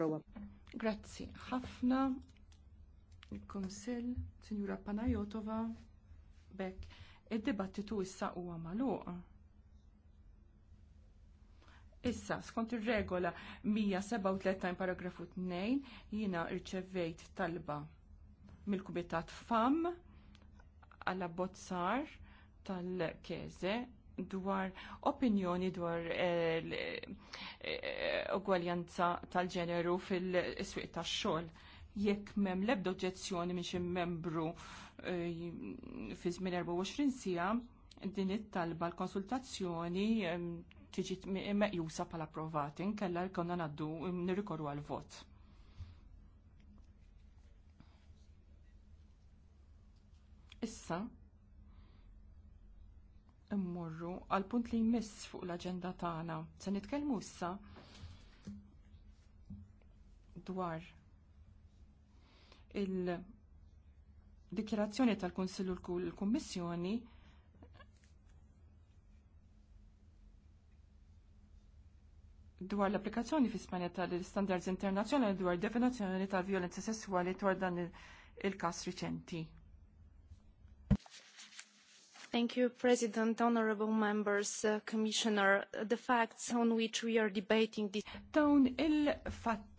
prowa. Grazzi ħafna il-Konsil, Sinjura Panajotova, Bek, id-dibattitu issa huwa magħluq. Issa, skont ir-regola 137 paragrafu 2 jiena rċevejt talba mill-Kumitat FAM għalla bozzar tal-Keze dwar opinjoni dwar eh, eh ugwaljanza tal-ġeneru fil-iswiq tax-xogħol jekk m'hemm l-ebda oġġezzjoni minn xi membru eh, fi żmien 24 siegħa din it-talba l-konsultazzjoni eh, tiġi meqjusa bħala approvati nkella konna ngħaddu nirrikorru għal vot. Issa immorru għal punt li jmiss fuq l-aġenda tagħna. Se nitkellmu issa dwar il-dikjerazzjoni tal-Konsillu l-Kummissjoni dwar l-applikazzjoni fi Spanja tal-standards internazzjonali dwar definizzjoni tal violenza sessuali dwar dan il-kas riċenti. Thank you, President, Honorable Members, uh, Commissioner. The facts on which we are debating this... Dawn il-fatti